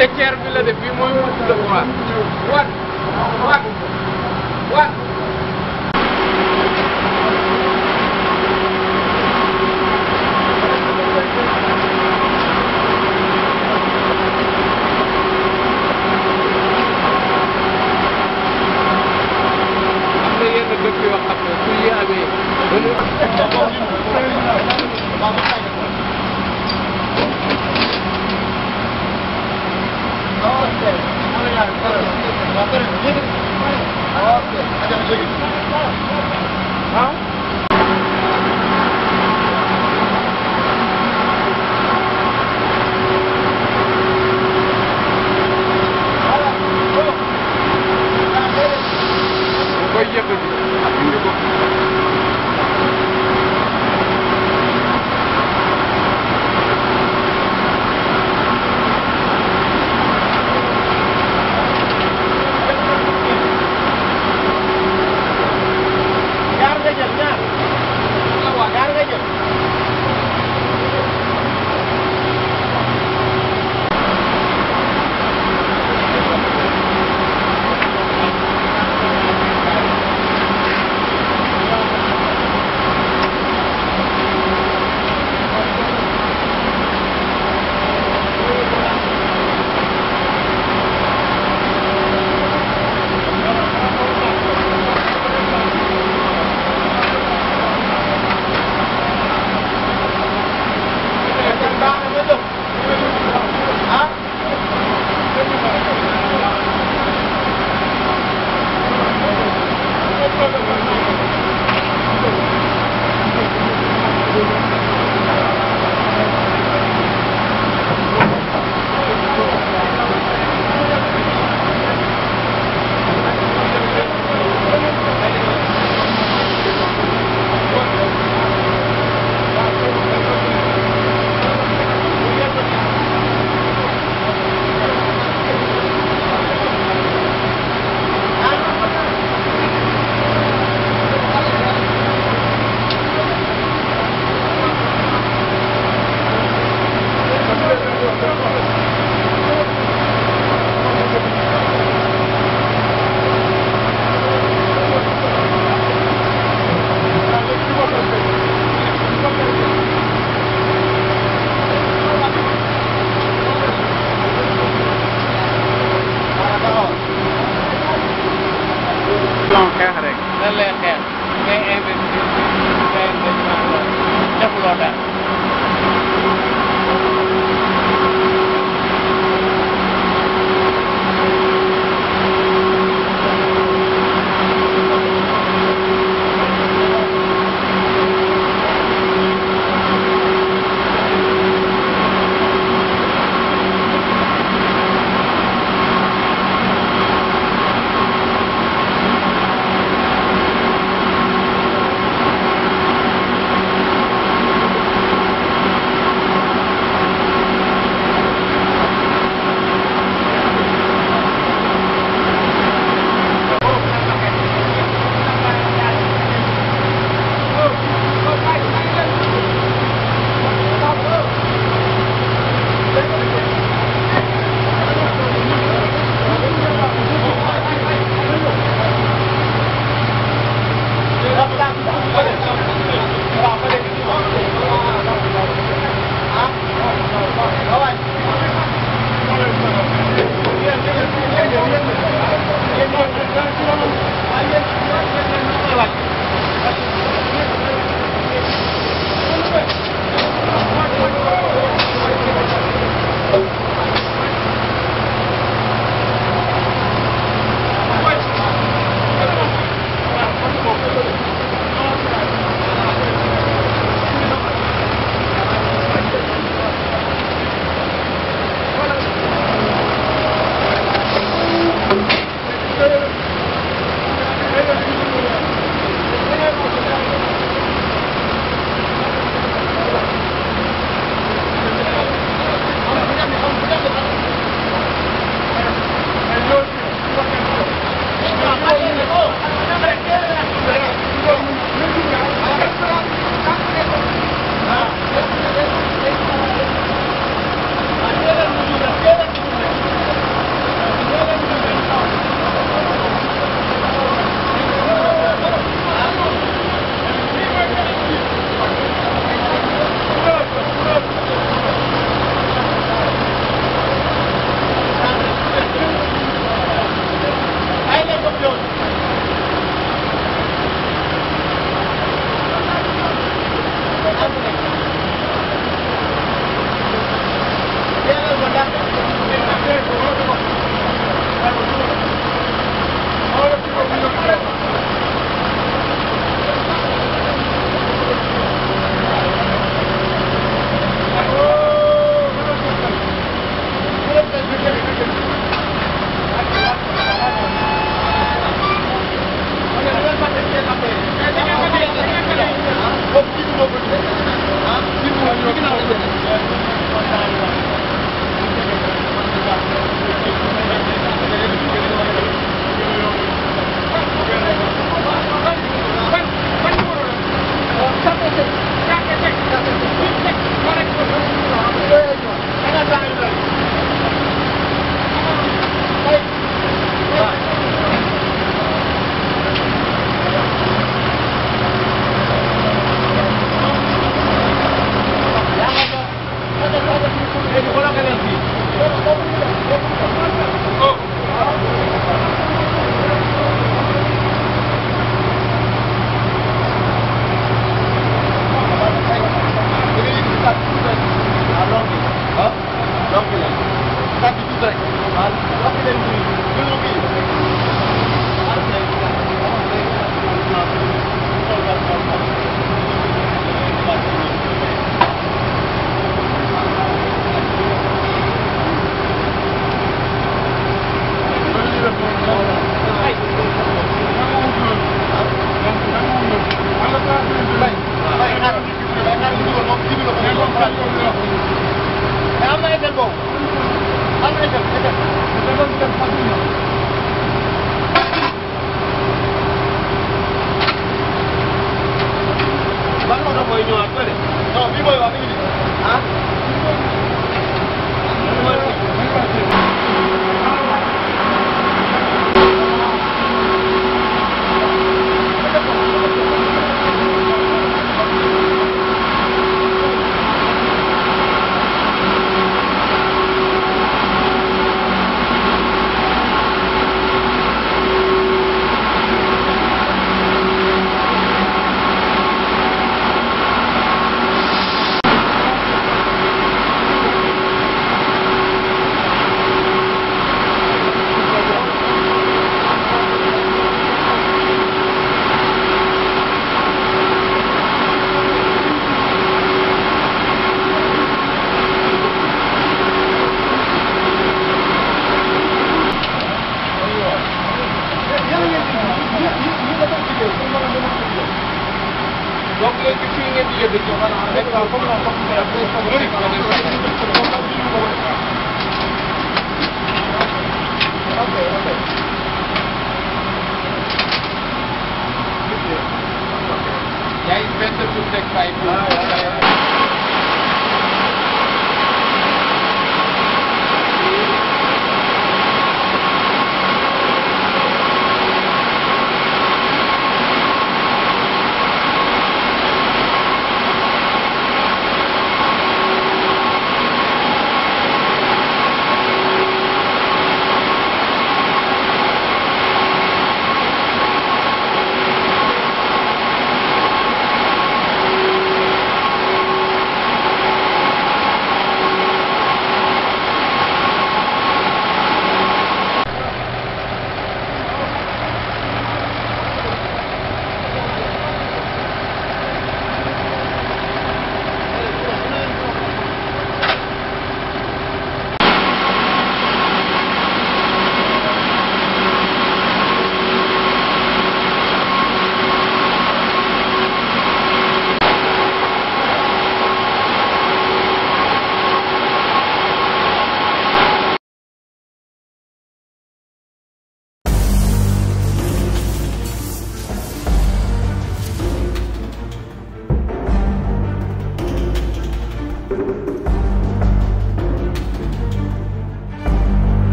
te ceer bi la def bii mooy mujj la bu waat waat waat waat